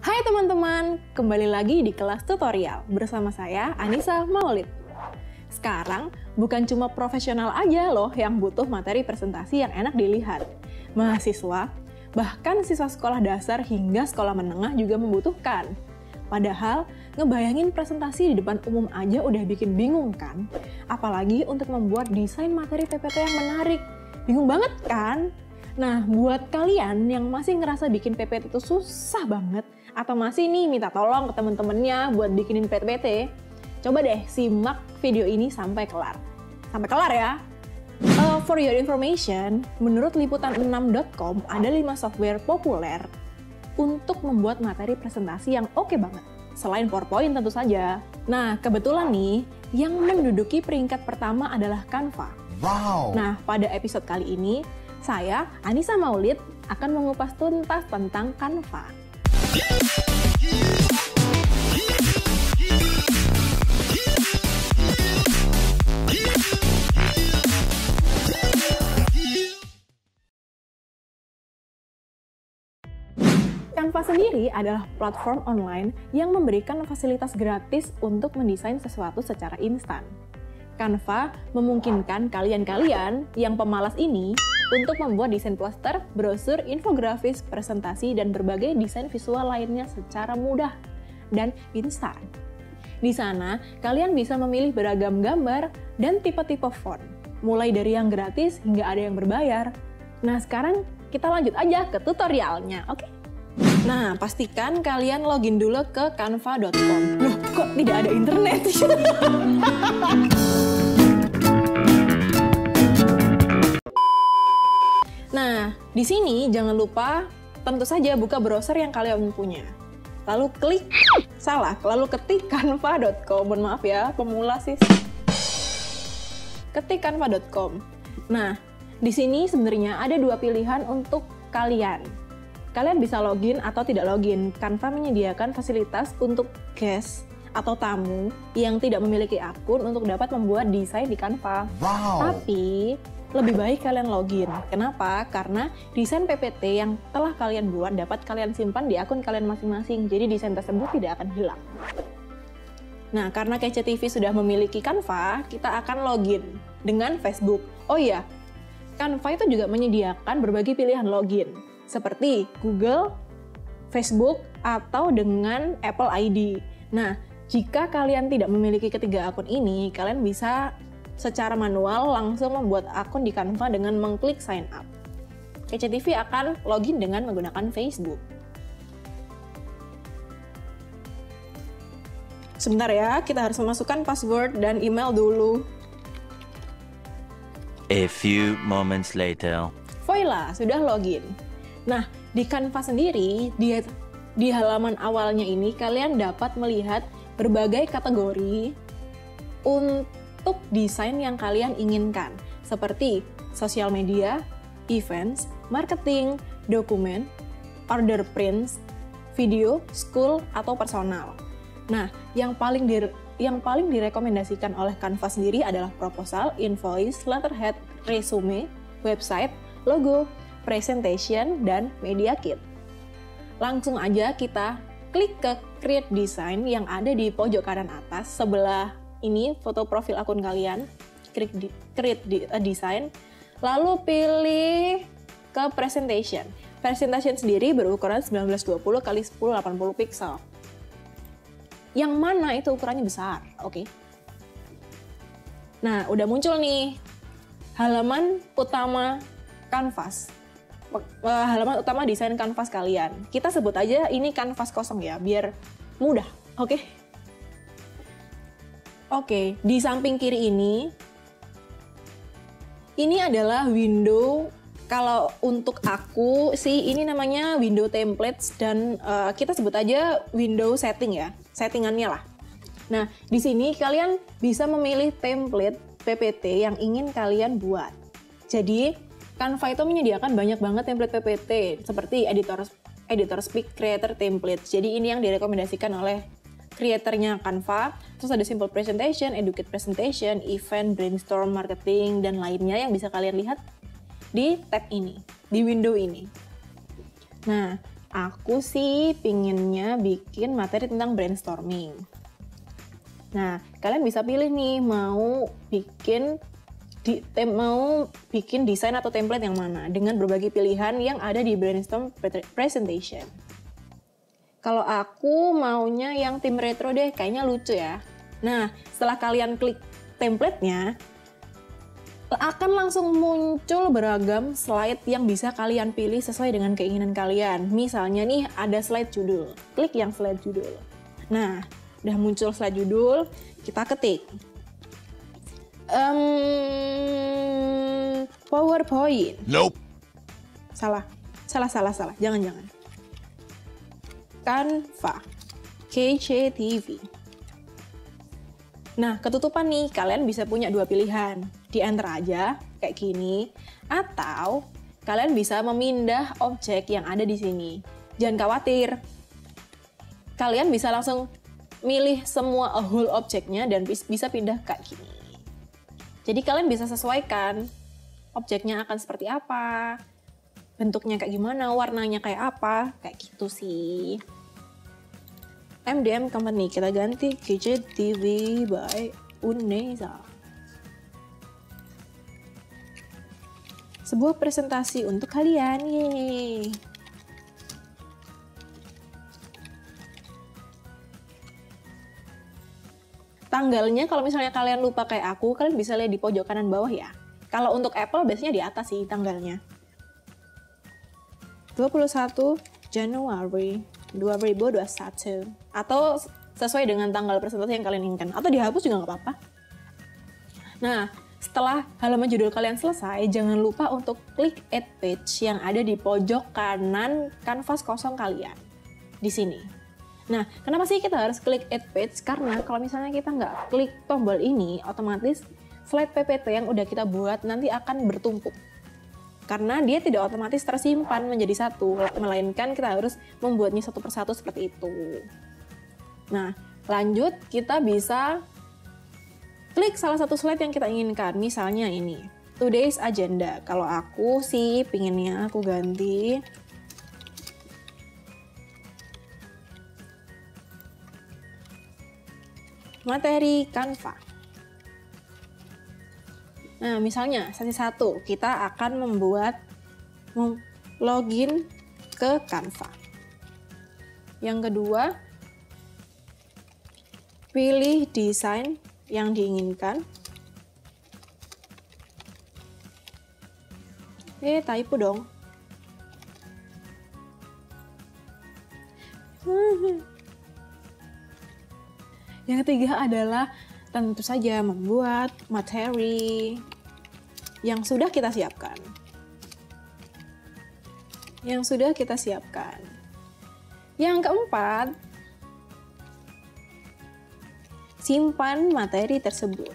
Hai teman-teman, kembali lagi di kelas tutorial bersama saya Anissa Maulid. Sekarang bukan cuma profesional aja loh yang butuh materi presentasi yang enak dilihat. Mahasiswa, bahkan siswa sekolah dasar hingga sekolah menengah juga membutuhkan. Padahal ngebayangin presentasi di depan umum aja udah bikin bingung kan? Apalagi untuk membuat desain materi PPT yang menarik. Bingung banget kan? Nah, buat kalian yang masih ngerasa bikin PPT itu susah banget, atau masih nih minta tolong ke temen-temennya buat bikinin PPT, coba deh simak video ini sampai kelar. Sampai kelar ya! Uh, for your information, menurut liputan6.com ada 5 software populer untuk membuat materi presentasi yang oke okay banget. Selain PowerPoint tentu saja. Nah, kebetulan nih, yang menduduki peringkat pertama adalah Canva. Wow. Nah, pada episode kali ini, saya, Anissa Maulid, akan mengupas tuntas tentang Canva. Canva sendiri adalah platform online yang memberikan fasilitas gratis untuk mendesain sesuatu secara instan. Canva memungkinkan kalian-kalian yang pemalas ini untuk membuat desain poster, brosur, infografis, presentasi, dan berbagai desain visual lainnya secara mudah dan instan. Di sana, kalian bisa memilih beragam gambar dan tipe-tipe font, mulai dari yang gratis hingga ada yang berbayar. Nah, sekarang kita lanjut aja ke tutorialnya, oke? Okay? Nah, pastikan kalian login dulu ke canva.com. Loh, kok tidak ada internet? Nah, di sini jangan lupa tentu saja buka browser yang kalian punya. Lalu klik salah, lalu ketik canva.com. Mohon maaf ya, pemula sih. Ketik canva.com. Nah, di sini sebenarnya ada dua pilihan untuk kalian. Kalian bisa login atau tidak login. Canva menyediakan fasilitas untuk guest atau tamu yang tidak memiliki akun untuk dapat membuat desain di Canva. Wow. Tapi lebih baik kalian login. Kenapa? Karena desain PPT yang telah kalian buat dapat kalian simpan di akun kalian masing-masing, jadi desain tersebut tidak akan hilang. Nah, karena Kece TV sudah memiliki Canva, kita akan login dengan Facebook. Oh iya, Canva itu juga menyediakan berbagai pilihan login, seperti Google, Facebook, atau dengan Apple ID. Nah, jika kalian tidak memiliki ketiga akun ini, kalian bisa secara manual langsung membuat akun di Canva dengan mengklik sign up. KCTV akan login dengan menggunakan Facebook. Sebentar ya, kita harus memasukkan password dan email dulu. A few moments later. Voila, sudah login. Nah, di Canva sendiri, di, di halaman awalnya ini kalian dapat melihat berbagai kategori untuk untuk desain yang kalian inginkan, seperti sosial media, events, marketing, dokumen, order prints, video, school, atau personal. Nah, yang paling di, yang paling direkomendasikan oleh Canva sendiri adalah proposal, invoice, letterhead, resume, website, logo, presentation, dan media kit. Langsung aja kita klik ke create design yang ada di pojok kanan atas sebelah ini foto profil akun kalian, klik di, create di, a eh, design, lalu pilih ke presentation. Presentation sendiri berukuran 1920 kali 1080 pixel. Yang mana itu ukurannya besar, oke? Okay? Nah, udah muncul nih halaman utama kanvas eh, halaman utama desain kanvas kalian. Kita sebut aja ini kanvas kosong ya, biar mudah. Oke. Okay? Oke, di samping kiri ini ini adalah window kalau untuk aku sih ini namanya window templates dan uh, kita sebut aja window setting ya, settingannya lah. Nah, di sini kalian bisa memilih template PPT yang ingin kalian buat. Jadi, Canva itu menyediakan banyak banget template PPT seperti editor editor speak creator template. Jadi ini yang direkomendasikan oleh creatornya Canva. Terus ada simple presentation, educate presentation, event, brainstorm, marketing, dan lainnya yang bisa kalian lihat di tab ini, di window ini. Nah, aku sih pinginnya bikin materi tentang brainstorming. Nah, kalian bisa pilih nih mau bikin di, tem, mau bikin desain atau template yang mana dengan berbagai pilihan yang ada di brainstorm presentation. Kalau aku maunya yang tim retro deh, kayaknya lucu ya. Nah, setelah kalian klik template-nya, akan langsung muncul beragam slide yang bisa kalian pilih sesuai dengan keinginan kalian. Misalnya nih ada slide judul, klik yang slide judul. Nah, udah muncul slide judul, kita ketik. Um, PowerPoint. Nope. Salah, salah, salah, salah. Jangan, jangan. Canva, KCTV. Nah, ketutupan nih, kalian bisa punya dua pilihan. Di enter aja, kayak gini, atau kalian bisa memindah objek yang ada di sini. Jangan khawatir, kalian bisa langsung milih semua whole objeknya dan bisa pindah kayak gini. Jadi kalian bisa sesuaikan objeknya akan seperti apa, bentuknya kayak gimana, warnanya kayak apa, kayak gitu sih. MDM company kita ganti KJTV by Uneza. Sebuah presentasi untuk kalian, yeay. Tanggalnya kalau misalnya kalian lupa kayak aku, kalian bisa lihat di pojok kanan bawah ya. Kalau untuk Apple biasanya di atas sih tanggalnya. 21 Januari 2021 atau sesuai dengan tanggal presentasi yang kalian inginkan atau dihapus juga nggak apa-apa. Nah, setelah halaman judul kalian selesai, jangan lupa untuk klik Add Page yang ada di pojok kanan kanvas kosong kalian. Di sini. Nah, kenapa sih kita harus klik Add Page? Karena kalau misalnya kita nggak klik tombol ini, otomatis slide PPT yang udah kita buat nanti akan bertumpuk karena dia tidak otomatis tersimpan menjadi satu, melainkan kita harus membuatnya satu persatu seperti itu. Nah, lanjut kita bisa klik salah satu slide yang kita inginkan, misalnya ini. Today's agenda. Kalau aku sih pinginnya aku ganti materi Canva. Nah, misalnya sesi satu kita akan membuat login ke Canva. Yang kedua, pilih desain yang diinginkan. Eh, typo dong. Yang ketiga adalah tentu saja membuat materi yang sudah kita siapkan. Yang sudah kita siapkan. Yang keempat, simpan materi tersebut.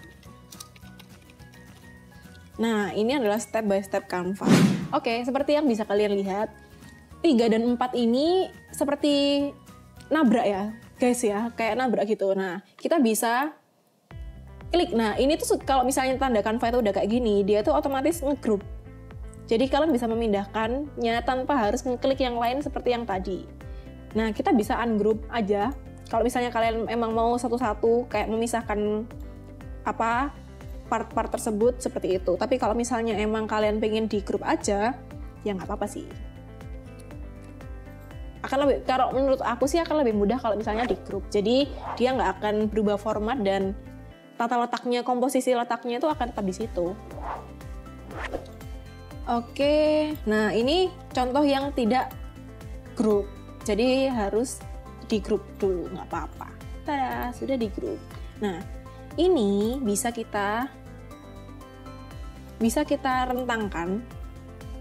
Nah, ini adalah step by step Canva. Oke, seperti yang bisa kalian lihat, 3 dan 4 ini seperti nabrak ya, guys ya, kayak nabrak gitu. Nah, kita bisa klik. Nah, ini tuh kalau misalnya tanda Canva itu udah kayak gini, dia tuh otomatis ngegroup. Jadi kalian bisa memindahkannya tanpa harus ngeklik yang lain seperti yang tadi. Nah, kita bisa ungroup aja. Kalau misalnya kalian emang mau satu-satu kayak memisahkan apa part-part tersebut seperti itu. Tapi kalau misalnya emang kalian pengen di grup aja, ya nggak apa-apa sih. Akan lebih, kalau menurut aku sih akan lebih mudah kalau misalnya di grup. Jadi dia nggak akan berubah format dan tata letaknya, komposisi letaknya itu akan tetap di situ. Oke, nah ini contoh yang tidak grup. Jadi harus di grup dulu, nggak apa-apa. Tada, sudah di grup. Nah, ini bisa kita bisa kita rentangkan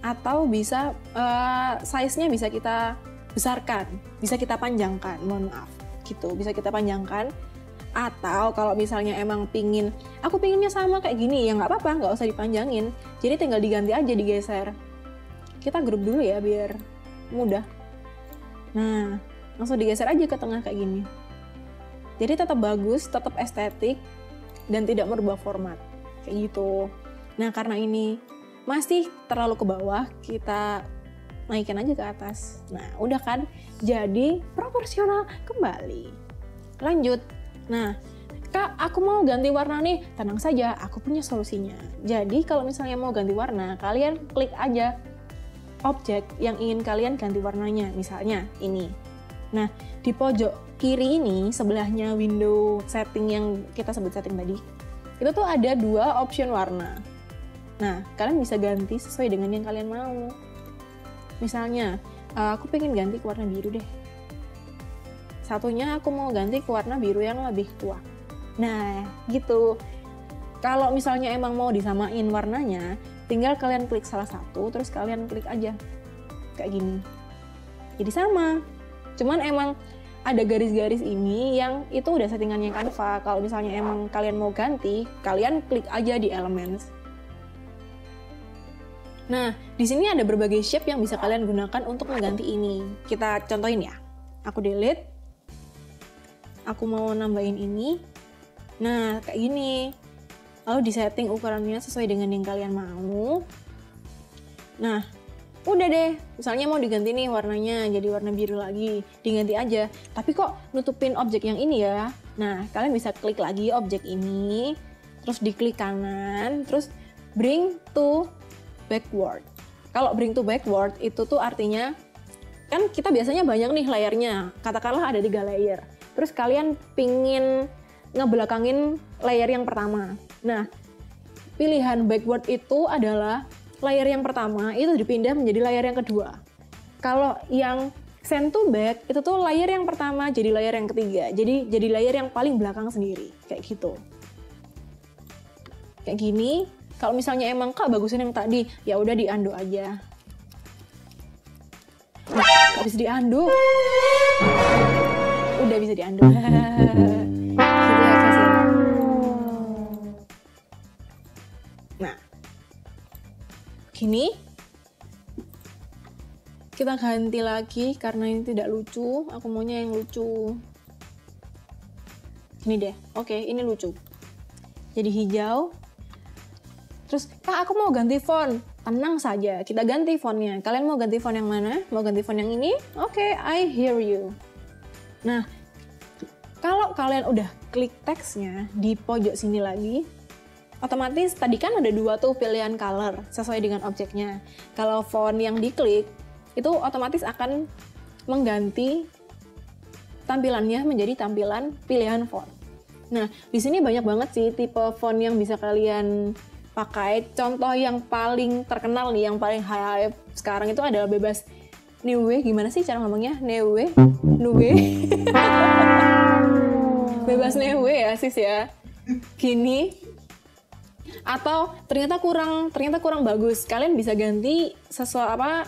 atau bisa uh, size-nya bisa kita besarkan, bisa kita panjangkan, mohon maaf gitu, bisa kita panjangkan atau kalau misalnya emang pingin aku pinginnya sama kayak gini ya nggak apa-apa nggak usah dipanjangin jadi tinggal diganti aja digeser kita grup dulu ya biar mudah nah langsung digeser aja ke tengah kayak gini jadi tetap bagus tetap estetik dan tidak merubah format kayak gitu nah karena ini masih terlalu ke bawah kita naikin aja ke atas nah udah kan jadi proporsional kembali lanjut Nah, Kak, aku mau ganti warna nih. Tenang saja, aku punya solusinya. Jadi, kalau misalnya mau ganti warna, kalian klik aja objek yang ingin kalian ganti warnanya. Misalnya ini. Nah, di pojok kiri ini sebelahnya window setting yang kita sebut setting tadi, itu tuh ada dua option warna. Nah, kalian bisa ganti sesuai dengan yang kalian mau. Misalnya, eh, aku pengen ganti ke warna biru deh satunya aku mau ganti ke warna biru yang lebih tua nah gitu kalau misalnya emang mau disamain warnanya tinggal kalian klik salah satu terus kalian klik aja kayak gini jadi sama cuman emang ada garis-garis ini yang itu udah settingannya Canva. Kalau misalnya emang kalian mau ganti, kalian klik aja di Elements. Nah, di sini ada berbagai shape yang bisa kalian gunakan untuk mengganti ini. Kita contohin ya. Aku delete aku mau nambahin ini nah kayak gini lalu disetting ukurannya sesuai dengan yang kalian mau nah udah deh misalnya mau diganti nih warnanya jadi warna biru lagi diganti aja tapi kok nutupin objek yang ini ya nah kalian bisa klik lagi objek ini terus diklik kanan terus bring to backward kalau bring to backward itu tuh artinya kan kita biasanya banyak nih layarnya. katakanlah ada tiga layer terus kalian pingin ngebelakangin layer yang pertama. Nah, pilihan backward itu adalah layer yang pertama itu dipindah menjadi layer yang kedua. Kalau yang send to back itu tuh layer yang pertama jadi layer yang ketiga. Jadi jadi layer yang paling belakang sendiri kayak gitu. Kayak gini, kalau misalnya emang Kak bagusin yang tadi, ya udah diando aja. Nah, habis diando udah bisa diandung gitu ya, nah gini kita ganti lagi karena ini tidak lucu aku maunya yang lucu ini deh oke ini lucu jadi hijau terus kak aku mau ganti font tenang saja kita ganti fontnya kalian mau ganti font yang mana mau ganti font yang ini oke okay, I hear you nah kalau kalian udah klik teksnya di pojok sini lagi, otomatis tadi kan ada dua tuh pilihan color sesuai dengan objeknya. Kalau font yang diklik, itu otomatis akan mengganti tampilannya menjadi tampilan pilihan font. Nah, di sini banyak banget sih tipe font yang bisa kalian pakai. Contoh yang paling terkenal nih, yang paling hype sekarang itu adalah bebas Neue. Gimana sih cara ngomongnya? Neue Neue. bebas newe ya sis ya gini atau ternyata kurang ternyata kurang bagus kalian bisa ganti sesuatu apa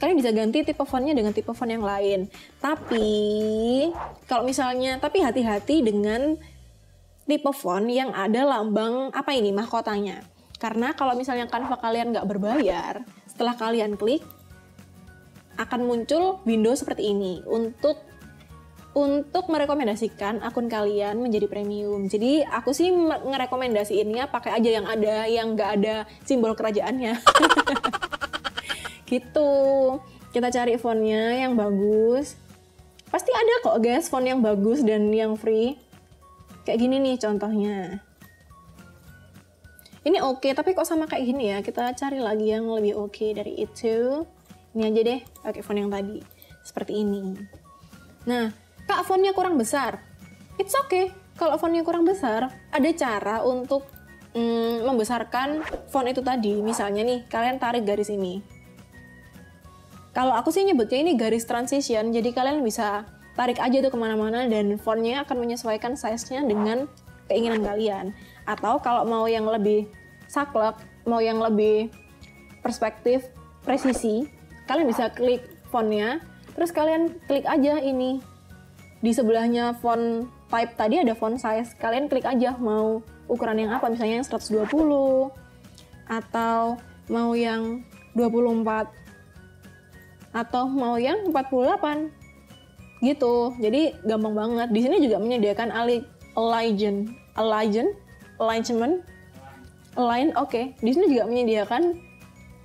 kalian bisa ganti tipe fontnya dengan tipe font yang lain tapi kalau misalnya tapi hati-hati dengan tipe font yang ada lambang apa ini mahkotanya karena kalau misalnya kanva kalian nggak berbayar setelah kalian klik akan muncul window seperti ini untuk untuk merekomendasikan akun kalian menjadi premium. Jadi aku sih ngerekomendasiinnya pakai aja yang ada, yang nggak ada simbol kerajaannya. gitu. Kita cari fontnya yang bagus. Pasti ada kok guys font yang bagus dan yang free. Kayak gini nih contohnya. Ini oke, okay, tapi kok sama kayak gini ya? Kita cari lagi yang lebih oke okay dari itu. Ini aja deh, pakai font yang tadi. Seperti ini. Nah, Kak, fontnya kurang besar. It's okay. Kalau fontnya kurang besar, ada cara untuk mm, membesarkan font itu tadi. Misalnya nih, kalian tarik garis ini. Kalau aku sih nyebutnya ini garis transition, jadi kalian bisa tarik aja tuh kemana-mana dan fontnya akan menyesuaikan size-nya dengan keinginan kalian. Atau kalau mau yang lebih saklek, mau yang lebih perspektif, presisi, kalian bisa klik fontnya, terus kalian klik aja ini di sebelahnya font type tadi ada font size. Kalian klik aja mau ukuran yang apa, misalnya yang 120 atau mau yang 24 atau mau yang 48 gitu. Jadi gampang banget. Di sini juga menyediakan alignment, alignment, alignment, align. Oke, okay. di sini juga menyediakan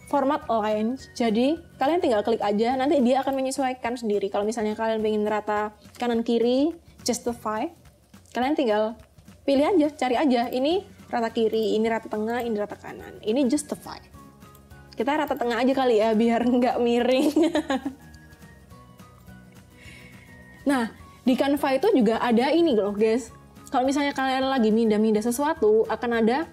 format line Jadi kalian tinggal klik aja, nanti dia akan menyesuaikan sendiri. Kalau misalnya kalian pengen rata kanan kiri, justify, kalian tinggal pilih aja, cari aja. Ini rata kiri, ini rata tengah, ini rata kanan, ini justify. Kita rata tengah aja kali ya, biar nggak miring. nah, di Canva itu juga ada ini loh guys. Kalau misalnya kalian lagi minda minda sesuatu, akan ada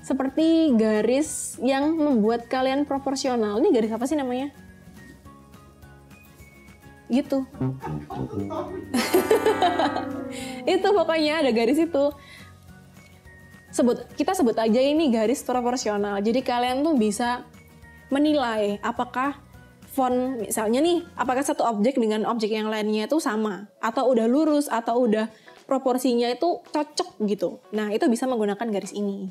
seperti garis yang membuat kalian proporsional. Ini garis apa sih namanya? Gitu. itu pokoknya ada garis itu. Sebut kita sebut aja ini garis proporsional. Jadi kalian tuh bisa menilai apakah font misalnya nih apakah satu objek dengan objek yang lainnya itu sama atau udah lurus atau udah proporsinya itu cocok gitu. Nah, itu bisa menggunakan garis ini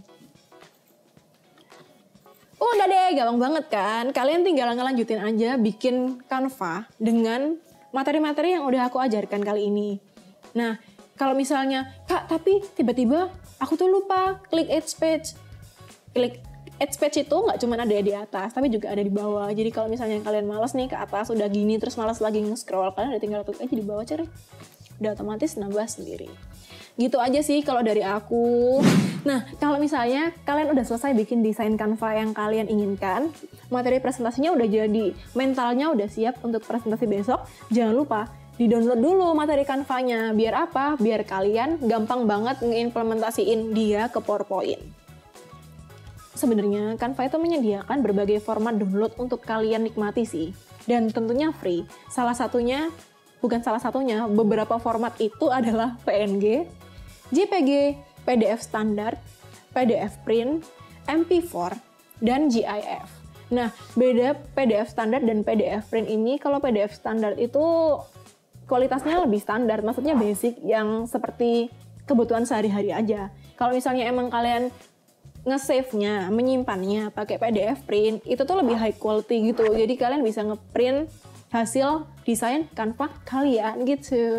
oh udah deh gampang banget kan kalian tinggal ngelanjutin aja bikin kanva dengan materi-materi yang udah aku ajarkan kali ini nah kalau misalnya kak tapi tiba-tiba aku tuh lupa klik edge page klik edge page itu nggak cuma ada di atas tapi juga ada di bawah jadi kalau misalnya kalian males nih ke atas udah gini terus males lagi nge-scroll kalian udah tinggal klik aja di bawah cari udah otomatis nambah sendiri Gitu aja sih kalau dari aku. Nah, kalau misalnya kalian udah selesai bikin desain Canva yang kalian inginkan, materi presentasinya udah jadi, mentalnya udah siap untuk presentasi besok, jangan lupa di-download dulu materi Canva-nya. Biar apa? Biar kalian gampang banget ngeimplementasiin dia ke PowerPoint. Sebenarnya Canva itu menyediakan berbagai format download untuk kalian nikmati sih. Dan tentunya free. Salah satunya, bukan salah satunya, beberapa format itu adalah PNG, JPG, PDF standar, PDF print, MP4, dan GIF. Nah, beda PDF standar dan PDF print ini, kalau PDF standar itu kualitasnya lebih standar, maksudnya basic yang seperti kebutuhan sehari-hari aja. Kalau misalnya emang kalian nge-save-nya, menyimpannya pakai PDF print, itu tuh lebih high quality gitu. Jadi kalian bisa nge-print hasil desain kanvas kalian gitu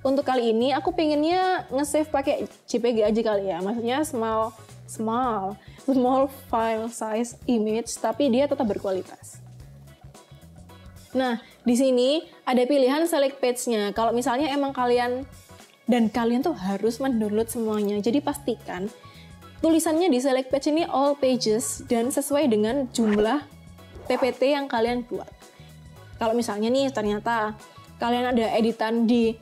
untuk kali ini aku pengennya nge-save pakai JPG aja kali ya. Maksudnya small small small file size image tapi dia tetap berkualitas. Nah, di sini ada pilihan select page-nya. Kalau misalnya emang kalian dan kalian tuh harus mendownload semuanya. Jadi pastikan tulisannya di select page ini all pages dan sesuai dengan jumlah PPT yang kalian buat. Kalau misalnya nih ternyata kalian ada editan di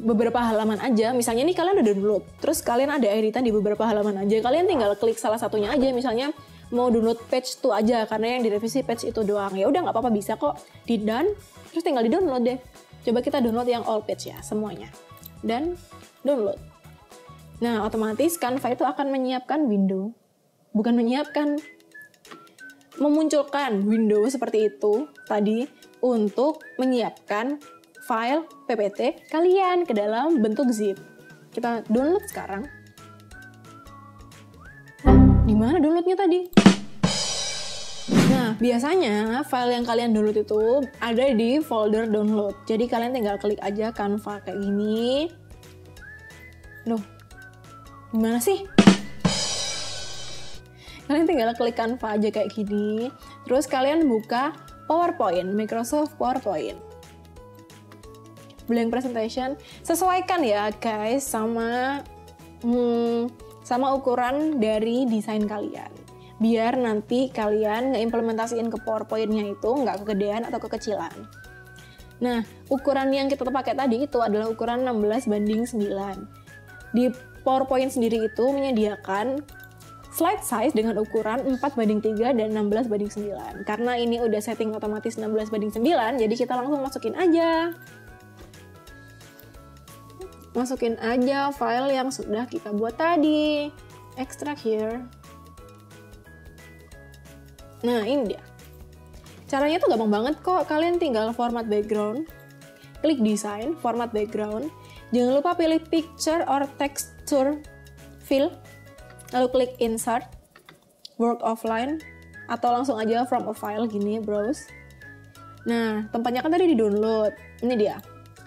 beberapa halaman aja. Misalnya nih kalian udah download, terus kalian ada editan di beberapa halaman aja. Kalian tinggal klik salah satunya aja. Misalnya mau download page itu aja karena yang direvisi page itu doang. Ya udah nggak apa-apa bisa kok di done, terus tinggal di download deh. Coba kita download yang all page ya semuanya dan download. Nah otomatis Canva itu akan menyiapkan window, bukan menyiapkan memunculkan window seperti itu tadi untuk menyiapkan file PPT kalian ke dalam bentuk zip. Kita download sekarang. gimana di downloadnya tadi? Nah, biasanya file yang kalian download itu ada di folder download. Jadi kalian tinggal klik aja Canva kayak gini. Loh, gimana sih? Kalian tinggal klik Canva aja kayak gini. Terus kalian buka PowerPoint, Microsoft PowerPoint blank presentation sesuaikan ya guys sama hmm, sama ukuran dari desain kalian biar nanti kalian ngeimplementasiin ke powerpointnya itu nggak kegedean atau kekecilan nah ukuran yang kita pakai tadi itu adalah ukuran 16 banding 9 di powerpoint sendiri itu menyediakan slide size dengan ukuran 4 banding 3 dan 16 banding 9. Karena ini udah setting otomatis 16 banding 9, jadi kita langsung masukin aja Masukin aja file yang sudah kita buat tadi. Extract here. Nah, ini dia. Caranya tuh gampang banget kok. Kalian tinggal format background, klik design, format background. Jangan lupa pilih picture or texture fill, lalu klik insert, work offline, atau langsung aja from a file gini browse. Nah, tempatnya kan tadi di download. Ini dia.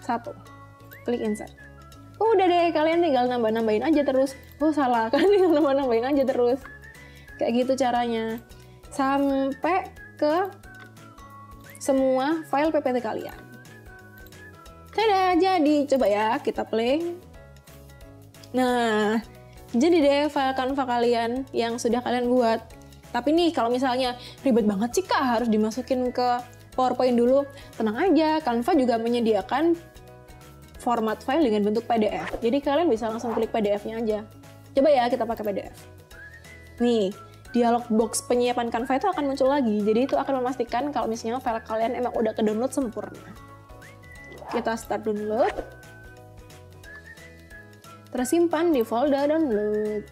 Satu. Klik insert oh udah deh kalian tinggal nambah-nambahin aja terus oh salah kan tinggal nambah-nambahin aja terus kayak gitu caranya sampai ke semua file PPT kalian Tada, jadi coba ya kita play. Nah, jadi deh file kanva kalian yang sudah kalian buat. Tapi nih kalau misalnya ribet banget sih kak harus dimasukin ke PowerPoint dulu, tenang aja, kanva juga menyediakan format file dengan bentuk PDF. Jadi kalian bisa langsung klik PDF-nya aja. Coba ya kita pakai PDF. Nih, dialog box penyiapan Canva itu akan muncul lagi. Jadi itu akan memastikan kalau misalnya file kalian emang udah ke-download sempurna. Kita start download. Tersimpan di folder download.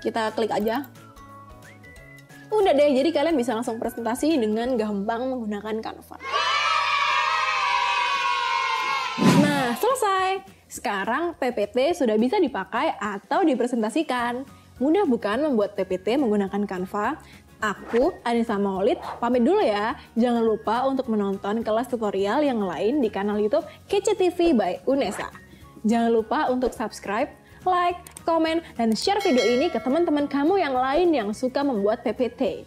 Kita klik aja. Udah deh, jadi kalian bisa langsung presentasi dengan gampang menggunakan Canva. selesai. Sekarang PPT sudah bisa dipakai atau dipresentasikan. Mudah bukan membuat PPT menggunakan Canva? Aku, Anissa Maulid, pamit dulu ya. Jangan lupa untuk menonton kelas tutorial yang lain di kanal Youtube Kece TV by UNESA. Jangan lupa untuk subscribe, like, komen, dan share video ini ke teman-teman kamu yang lain yang suka membuat PPT.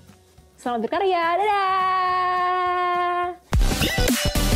Selamat berkarya, dadah!